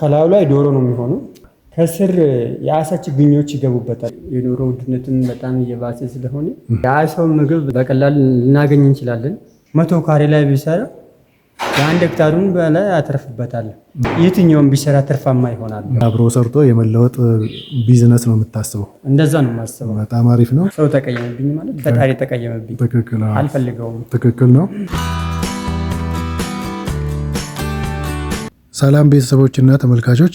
ከላዩ ላይ ዶሮ ነው የሚሆኑ ከስር የአሳ ችግኞች ይገቡበታል። የኑሮ ውድነትን በጣም እየባሰ ስለሆነ የአሳው ምግብ በቀላል ልናገኝ እንችላለን። መቶ ካሬ ላይ ቢሰራ የአንድ ሄክታሩን በላይ ያተርፍበታል። የትኛውም ቢሰራ ትርፋማ ይሆናል። አብሮ ሰርቶ የመለወጥ ቢዝነስ ነው የምታስበው? እንደዛ ነው የማስበው። በጣም አሪፍ ነው። ሰው ተቀየመብኝ ማለት ፈጣሪ ተቀየመብኝ። ትክክል አልፈልገውም። ትክክል ነው። ሰላም ቤተሰቦችና ተመልካቾች፣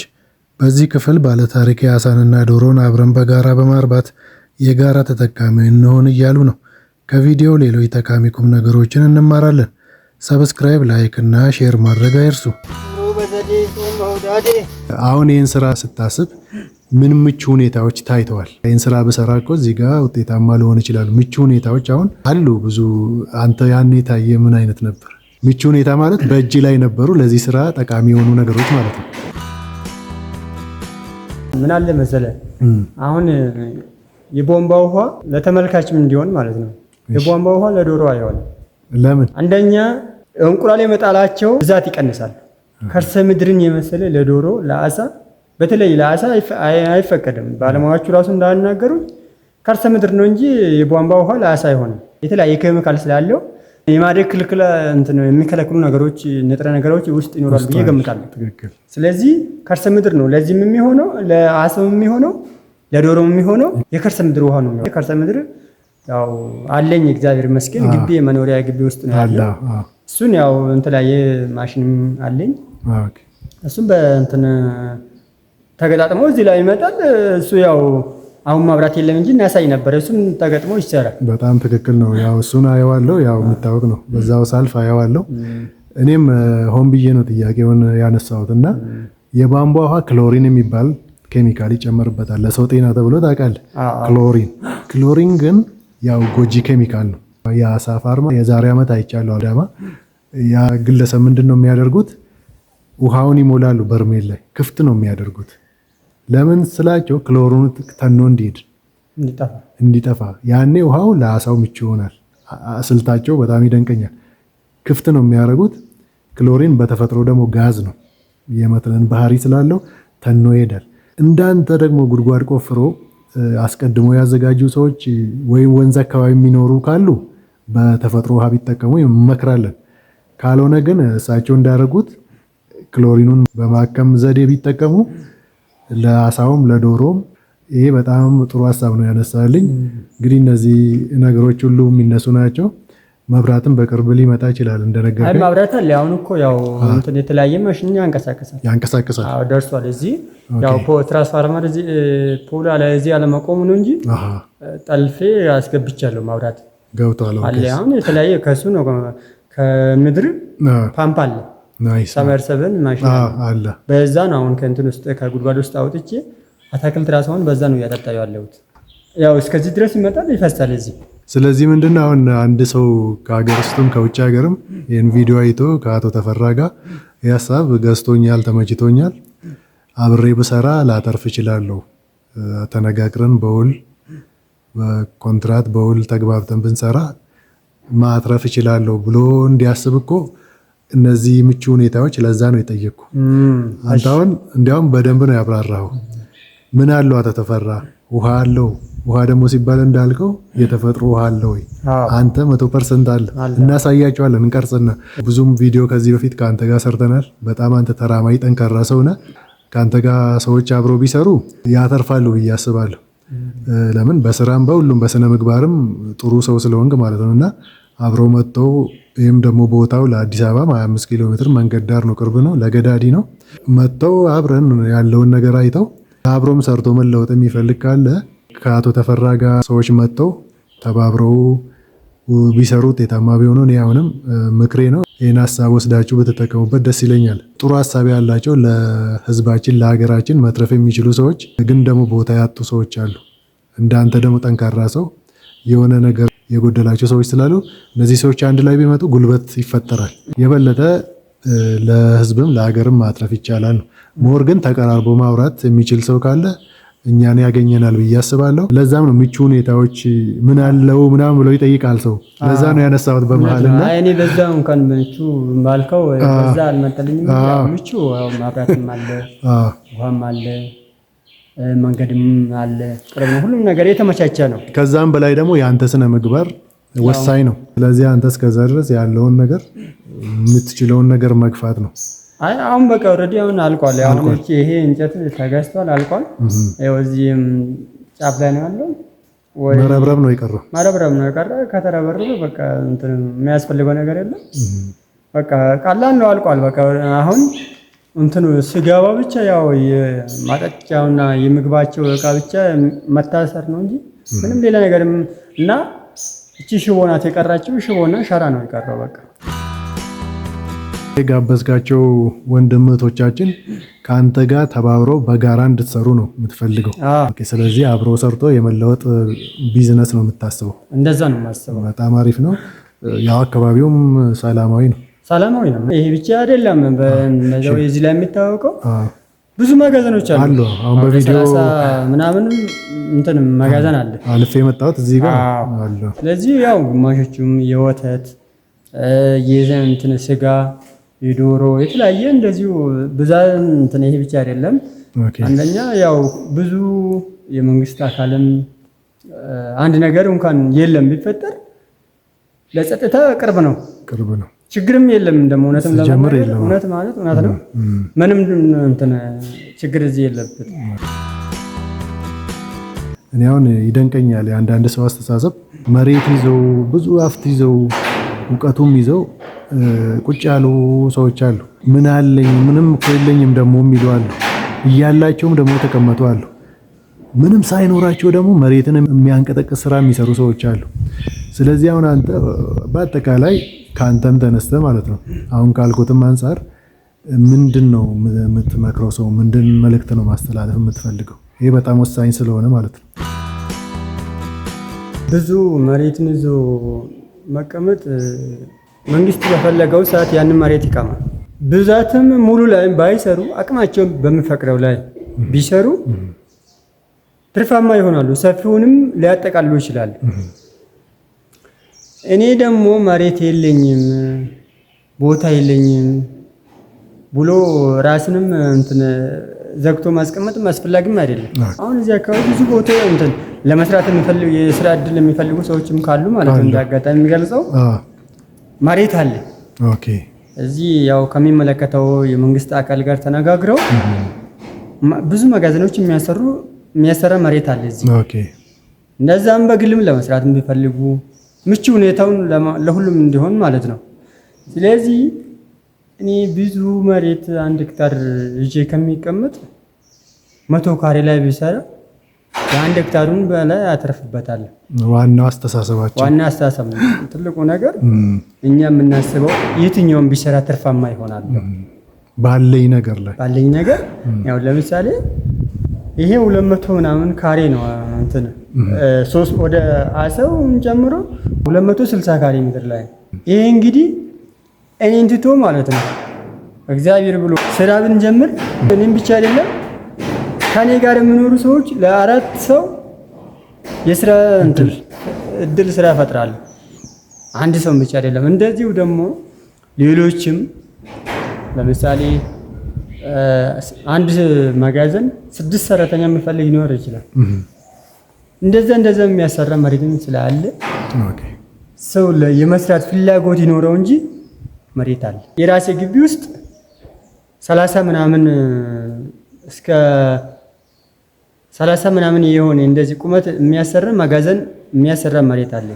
በዚህ ክፍል ባለታሪክ ታሪክ አሳንና ዶሮን አብረን በጋራ በማርባት የጋራ ተጠቃሚ እንሆን እያሉ ነው። ከቪዲዮው ሌሎች ጠቃሚ ቁም ነገሮችን እንማራለን። ሰብስክራይብ፣ ላይክ እና ሼር ማድረግ አይርሱ። አሁን ይህን ስራ ስታስብ ምን ምቹ ሁኔታዎች ታይተዋል? ይህን ስራ በሰራ እኮ እዚህ ጋር ውጤታማ ሊሆን ይችላሉ። ምቹ ሁኔታዎች አሁን አሉ ብዙ። አንተ ያኔ ታየ ምን አይነት ነበር? ምቹ ሁኔታ ማለት በእጅ ላይ ነበሩ ለዚህ ስራ ጠቃሚ የሆኑ ነገሮች ማለት ነው። ምን አለ መሰለ አሁን የቧንቧ ውሃ ለተመልካችም እንዲሆን ማለት ነው። የቧንቧ ውሃ ለዶሮ አይሆንም። ለምን? አንደኛ እንቁላል የመጣላቸው ብዛት ይቀንሳል። ከርሰ ምድርን የመሰለ ለዶሮ ለአሳ፣ በተለይ ለአሳ አይፈቀድም። ባለሙያዎቹ ራሱ እንዳናገሩት ከርሰ ምድር ነው እንጂ የቧንቧ ውሃ ለአሳ አይሆንም። የተለያየ ኬሚካል ስላለው የማደግ ክልክለ እንትን የሚከለክሉ ነገሮች ንጥረ ነገሮች ውስጥ ይኖራሉ ብዬ ገምታለሁ። ስለዚህ ከርሰ ምድር ነው ለዚህም የሚሆነው ለአሰብም የሚሆነው ለዶሮም የሚሆነው የከርሰ ምድር ውሃ ነው። የከርሰ ምድር ያው አለኝ እግዚአብሔር ይመስገን ግቢ የመኖሪያ ግቢ ውስጥ ነው ያለው። እሱን ያው የተለያየ ማሽንም አለኝ። እሱም በእንትን ተገጣጥሞ እዚህ ላይ ይመጣል። እሱ ያው አሁን ማብራት የለም እንጂ እናያሳይ ነበር። እሱም ተገጥሞ ይሰራል። በጣም ትክክል ነው። ያው እሱን አየዋለሁ። ያው የሚታወቅ ነው። በዛው ሳልፍ አየዋለሁ። እኔም ሆን ብዬ ነው ጥያቄውን ያነሳሁት እና የቧንቧ ውሃ ክሎሪን የሚባል ኬሚካል ይጨመርበታል ለሰው ጤና ተብሎ ታውቃለህ። ክሎሪን ክሎሪን ግን ያው ጎጂ ኬሚካል ነው። የአሳ ፋርማ የዛሬ ዓመት አይቻለሁ አዳማ። ያ ግለሰብ ምንድን ነው የሚያደርጉት? ውሃውን ይሞላሉ፣ በርሜል ላይ ክፍት ነው የሚያደርጉት ለምን ስላቸው ክሎሩን ተኖ እንዲሄድ እንዲጠፋ፣ ያኔ ውሃው ለአሳው ምቹ ይሆናል። ስልታቸው በጣም ይደንቀኛል። ክፍት ነው የሚያደርጉት። ክሎሪን በተፈጥሮ ደግሞ ጋዝ ነው፣ የመጥለን ባህሪ ስላለው ተኖ ይሄዳል። እንዳንተ ደግሞ ጉድጓድ ቆፍሮ አስቀድሞ ያዘጋጁ ሰዎች ወይም ወንዝ አካባቢ የሚኖሩ ካሉ በተፈጥሮ ውሃ ቢጠቀሙ እመክራለን ካልሆነ ግን እሳቸው እንዳደረጉት ክሎሪኑን በማከም ዘዴ ቢጠቀሙ ለአሳውም ለዶሮም ይሄ በጣም ጥሩ ሀሳብ ነው ያነሳልኝ። እንግዲህ እነዚህ ነገሮች ሁሉ የሚነሱ ናቸው። መብራትም በቅርብ ሊመጣ ይችላል። እንደነገር መብራት አለ። አሁን እኮ ያው እንትን የተለያየ መሽን ያንቀሳቅሳል ያንቀሳቅሳል ደርሷል። እዚህ ያው ፖል እዚህ አለመቆሙ ነው እንጂ ጠልፌ አስገብቻለሁ። መብራት ገብቷል አለ። አሁን የተለያየ ከሱ ነው ከምድር ፓምፕ አለ ሰመርሰብን ማሽን አለ። በዛ ነው አሁን ከእንትን ውስጥ ከጉድጓድ ውስጥ አውጥቼ አታክልት ራሳሁን በዛ ነው እያጠጣ ያለሁት። ያው እስከዚህ ድረስ ይመጣል ይፈሳል እዚህ። ስለዚህ ምንድነው አሁን አንድ ሰው ከሀገር ውስጥም ከውጭ ሀገርም ይህን ቪዲዮ አይቶ ከአቶ ተፈራ ጋር ሀሳብ ገዝቶኛል፣ ተመችቶኛል፣ አብሬ ብሰራ ላተርፍ እችላለሁ፣ ተነጋግረን በውል በኮንትራት በውል ተግባብተን ብንሰራ ማትረፍ እችላለሁ ብሎ እንዲያስብ እኮ እነዚህ ምቹ ሁኔታዎች ለዛ ነው የጠየቅኩ። አንተ አሁን እንዲያውም በደንብ ነው ያብራራው። ምን አለው ተፈራ ውሃ አለው። ውሃ ደግሞ ሲባል እንዳልከው የተፈጥሮ ውሃ አለ ወይ? አንተ መቶ ፐርሰንት አለ። እናሳያቸዋለን፣ እንቀርጽና ብዙም ቪዲዮ ከዚህ በፊት ከአንተ ጋር ሰርተናል። በጣም አንተ ተራማይ ጠንካራ ሰው ነህ። ከአንተ ጋር ሰዎች አብረው ቢሰሩ ያተርፋሉ ብዬ አስባለሁ። ለምን በስራም በሁሉም በስነ ምግባርም ጥሩ ሰው ስለሆንክ ማለት ነው እና አብሮ መጥቶ ይህም ደግሞ ቦታው ለአዲስ አበባ 25 ኪሎ ሜትር መንገድ ዳር ነው፣ ቅርብ ነው፣ ለገዳዲ ነው። መጥተው አብረን ያለውን ነገር አይተው አብሮም ሰርቶ መለወጥ የሚፈልግ ካለ ከአቶ ተፈራ ጋር ሰዎች መጥተው ተባብረው ቢሰሩት ውጤታማ ቢሆኑ እኔ አሁንም ምክሬ ነው፣ ይህን ሀሳብ ወስዳችሁ በተጠቀሙበት ደስ ይለኛል። ጥሩ ሀሳብ ያላቸው ለህዝባችን ለሀገራችን መትረፍ የሚችሉ ሰዎች ግን ደግሞ ቦታ ያጡ ሰዎች አሉ። እንዳንተ ደግሞ ጠንካራ ሰው የሆነ ነገር የጎደላቸው ሰዎች ስላሉ እነዚህ ሰዎች አንድ ላይ ቢመጡ ጉልበት ይፈጠራል። የበለጠ ለህዝብም ለሀገርም ማትረፍ ይቻላል። ሞር ግን ተቀራርቦ ማውራት የሚችል ሰው ካለ እኛን ያገኘናል ብዬ አስባለሁ። ለዛም ነው ምቹ ሁኔታዎች ምን አለው ምናምን ብለው ይጠይቃል ሰው። ለዛ ነው ያነሳሁት በመሀል እና እኔ በዛ እንኳን ምቹ ባልከው በዛ አልመጠልኝም። ምቹ ማብራትም አለ ውሃም አለ መንገድም አለ፣ ቅርብ ነው። ሁሉም ነገር የተመቻቸ ነው። ከዛም በላይ ደግሞ የአንተ ስነ ምግባር ወሳኝ ነው። ስለዚህ አንተ እስከዛ ድረስ ያለውን ነገር የምትችለውን ነገር መግፋት ነው። አይ አሁን በቃ ኦልሬዲ አሁን አልቋል። አሁን ይሄ እንጨት ተገዝቷል አልቋል። እዚህም ጫፍ ላይ ነው ያለው። መረብረብ ነው የቀረው፣ መረብረብ ነው የቀረ። ከተረበረበ በቃ የሚያስፈልገው ነገር የለም። በቃ ቀላል ነው፣ አልቋል። በቃ አሁን እንትኑ ስጋባ ብቻ ያው የማጠጫውና የምግባቸው እቃ ብቻ መታሰር ነው እንጂ ምንም ሌላ ነገርም እና እቺ ሽቦ ናት የቀራችው። ሽቦና ሸራ ነው የቀረው። በቃ የጋበዝካቸው ወንድምቶቻችን ከአንተ ጋር ተባብረው በጋራ እንድትሰሩ ነው የምትፈልገው። ስለዚህ አብሮ ሰርቶ የመለወጥ ቢዝነስ ነው የምታስበው? እንደዛ ነው የማስበው። በጣም አሪፍ ነው። ያው አካባቢውም ሰላማዊ ነው። ሰላማዊ ነው። ይሄ ብቻ አይደለም። በዛው እዚህ ላይ የሚታወቀው ብዙ መጋዘኖች አሉ። አሁን በቪዲዮ ምናምን እንትን መጋዘን አለ አልፌ የመጣሁት እዚህ ጋር አለ። ስለዚህ ያው ግማሾቹም የወተት እንትን ስጋ፣ የዶሮ የተለያየ እንደዚሁ ብዛ እንትን ይሄ ብቻ አይደለም። አንደኛ ያው ብዙ የመንግስት አካልም አንድ ነገር እንኳን የለም ቢፈጠር ለጸጥታ ቅርብ ነው ቅርብ ነው ችግርም የለም። እንደ እውነትም እውነት ማለት እውነት ነው። ምንም እንትን ችግር እዚህ የለበት። እኔ አሁን ይደንቀኛል የአንዳንድ ሰው አስተሳሰብ። መሬት ይዘው ብዙ ሀብት ይዘው እውቀቱም ይዘው ቁጭ ያሉ ሰዎች አሉ። ምን አለኝ ምንም እኮ የለኝም ደግሞ የሚሉ አሉ። እያላቸውም ደግሞ ተቀመጡ አሉ። ምንም ሳይኖራቸው ደግሞ መሬትን የሚያንቀጠቅስ ስራ የሚሰሩ ሰዎች አሉ። ስለዚህ አሁን አንተ በአጠቃላይ ከአንተም ተነስተ ማለት ነው። አሁን ካልኩትም አንጻር ምንድን ነው የምትመክረው? ሰው ምንድን መልእክት ነው ማስተላለፍ የምትፈልገው? ይሄ በጣም ወሳኝ ስለሆነ ማለት ነው። ብዙ መሬትን ይዞ መቀመጥ መንግስት በፈለገው ሰዓት ያንን መሬት ይቀማል። ብዛትም ሙሉ ላይ ባይሰሩ አቅማቸውን በሚፈቅደው ላይ ቢሰሩ ትርፋማ ይሆናሉ። ሰፊውንም ሊያጠቃልሉ ይችላል? እኔ ደግሞ መሬት የለኝም ቦታ የለኝም ብሎ ራስንም እንትን ዘግቶ ማስቀመጥ አስፈላጊም አይደለም። አሁን እዚህ አካባቢ ብዙ ቦታ እንትን ለመስራት የሚፈልጉ የስራ እድል የሚፈልጉ ሰዎችም ካሉ ማለት ነው። እንደ አጋጣሚ የሚገልጸው መሬት አለ። ኦኬ እዚህ ያው ከሚመለከተው የመንግስት አካል ጋር ተነጋግረው ብዙ መጋዘኖች የሚያሰሩ የሚያሰራ መሬት አለ እዚህ። ኦኬ እንደዛም በግልም ለመስራት የሚፈልጉ ምቹ ሁኔታውን ለሁሉም እንዲሆን ማለት ነው። ስለዚህ እኔ ብዙ መሬት አንድ ሄክታር ይዤ ከሚቀመጥ መቶ ካሬ ላይ ቢሰራ የአንድ ሄክታሩን በላይ ያተርፍበታል። ዋናው አስተሳሰባችን ዋና አስተሳሰብ ነው ትልቁ ነገር። እኛ የምናስበው የትኛውን ቢሰራ ትርፋማ ይሆናል ባለኝ ነገር ላይ ባለኝ ነገር ያው ለምሳሌ ይሄ ሁለት መቶ ምናምን ካሬ ነው እንትን ሶስት ወደ አሰውን ጨምሮ 260 ካሬ ሜትር ላይ ይሄ እንግዲህ እኔን ትቶ ማለት ነው እግዚአብሔር ብሎ ስራ ብንጀምር እኔም ብቻ አይደለም ከኔ ጋር የሚኖሩ ሰዎች ለአራት ሰው የስራ እድል ስራ ይፈጥራል። አንድ ሰው ብቻ አይደለም። እንደዚሁ ደግሞ ሌሎችም ለምሳሌ አንድ መጋዘን ስድስት ሰራተኛ የሚፈልግ ሊኖር ይችላል። እንደዛ እንደዛ የሚያሰራ መሬትም ስላለ ሰው የመስራት ፍላጎት ይኖረው እንጂ መሬት አለ። የራሴ ግቢ ውስጥ ሰላሳ ምናምን እስከ ሰላሳ ምናምን የሆነ እንደዚህ ቁመት የሚያሰራ መጋዘን የሚያሰራ መሬት አለ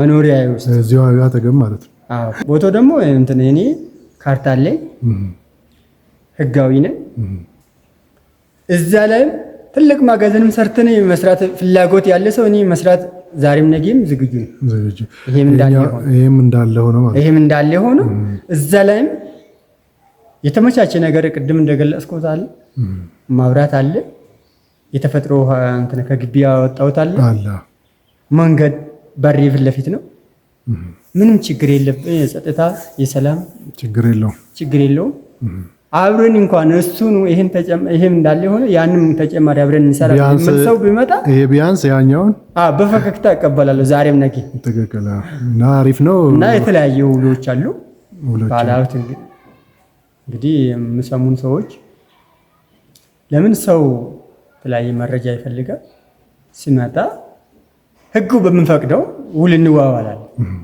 መኖሪያ ውስጥ አጠገብ ማለት ነው። ቦታው ደግሞ እንትን እኔ ካርታ አለኝ ህጋዊ ነኝ እዛ ላይም ትልቅ ማጋዘንም ሰርተን መስራት ፍላጎት ያለ ሰው እኔ መስራት ዛሬም ነገም ዝግጁ ይሄም እንዳለ ሆኖ እዛ ላይም የተመቻቸ ነገር ቅድም እንደገለጽኩት አለ፣ ማብራት አለ፣ የተፈጥሮ እንትን ከግቢ ያወጣሁት አለ፣ መንገድ በር ፊት ለፊት ነው። ምንም ችግር የለብን። የጸጥታ የሰላም ችግር የለውም። አብረን እንኳን እሱ ይሄን ተጨማሪ ይሄም እንዳለ ሆነ ያንም ተጨማሪ አብረን እንሰራ ምን ሰው ቢመጣ ይሄ ቢያንስ ያኛውን አ በፈገግታ እቀበላለሁ። ዛሬም ነገ ተከከለ እና አሪፍ ነው እና የተለያየ ውሎች አሉ። ባላውት እንግዲህ የምሰሙን ሰዎች ለምን ሰው የተለያየ መረጃ ይፈልጋል? ሲመጣ ህጉ በምንፈቅደው ውል እንዋዋላለን።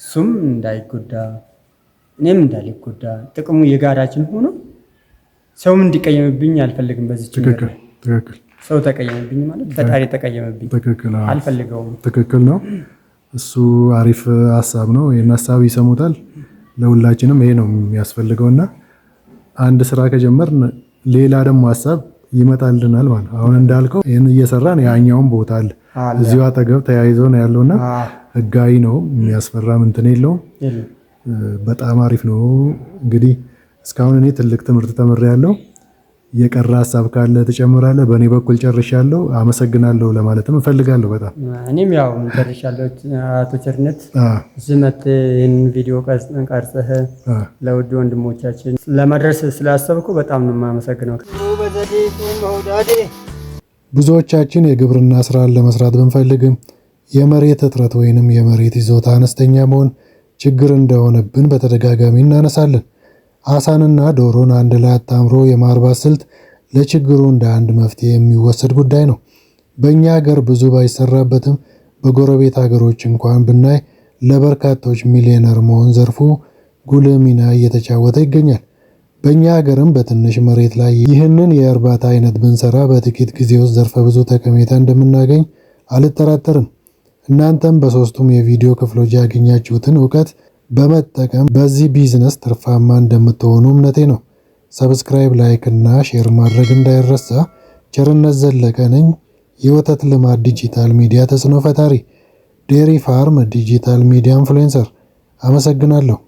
እሱም እንዳይጎዳ እኔም እንዳልጎዳ ጥቅሙ የጋራችን ሆኖ ሰውም እንዲቀየምብኝ አልፈልግም። በዚህ ሰው ተቀየምብኝ ማለት ፈጣሪ ተቀየምብኝ፣ አልፈልገውም። ትክክል ነው። እሱ አሪፍ ሀሳብ ነው። ይህን ሀሳብ ይሰሙታል። ለሁላችንም ይሄ ነው የሚያስፈልገውና አንድ ስራ ከጀመርን ሌላ ደግሞ ሀሳብ ይመጣልናል ማለት አሁን እንዳልከው ይህን እየሰራን ያኛውን ቦታ አለ እዚሁ አጠገብ ተያይዞ ነው ያለውና ህጋዊ ነው የሚያስፈራም እንትን የለውም። በጣም አሪፍ ነው። እንግዲህ እስካሁን እኔ ትልቅ ትምህርት ተምሬያለሁ። የቀረ ሀሳብ ካለ ትጨምራለህ? በእኔ በኩል ጨርሻለሁ። አመሰግናለሁ ለማለትም እፈልጋለሁ። በጣም እኔም ያው ጨርሻለሁ። አቶ ቸርነት ዝመት ይህን ቪዲዮ ቀርጽህ ለውድ ወንድሞቻችን ለመድረስ ስላሰብኩ በጣም ነው የማመሰግነው። ብዙዎቻችን የግብርና ስራን ለመስራት ብንፈልግም የመሬት እጥረት ወይንም የመሬት ይዞታ አነስተኛ መሆን ችግር እንደሆነብን በተደጋጋሚ እናነሳለን። አሳንና ዶሮን አንድ ላይ አጣምሮ የማርባት ስልት ለችግሩ እንደ አንድ መፍትሄ የሚወሰድ ጉዳይ ነው። በእኛ ሀገር ብዙ ባይሰራበትም በጎረቤት ሀገሮች እንኳን ብናይ ለበርካታዎች ሚሊዮነር መሆን ዘርፉ ጉልህ ሚና እየተጫወተ ይገኛል። በእኛ ሀገርም በትንሽ መሬት ላይ ይህንን የእርባታ አይነት ብንሰራ በጥቂት ጊዜ ውስጥ ዘርፈ ብዙ ጠቀሜታ እንደምናገኝ አልጠራጠርም። እናንተም በሶስቱም የቪዲዮ ክፍሎች ያገኛችሁትን እውቀት በመጠቀም በዚህ ቢዝነስ ትርፋማ እንደምትሆኑ እምነቴ ነው። ሰብስክራይብ፣ ላይክ እና ሼር ማድረግ እንዳይረሳ። ቸርነት ዘለቀ ነኝ፣ የወተት ልማት ዲጂታል ሚዲያ ተጽዕኖ ፈጣሪ፣ ዴሪ ፋርም ዲጂታል ሚዲያ ኢንፍሉዌንሰር። አመሰግናለሁ።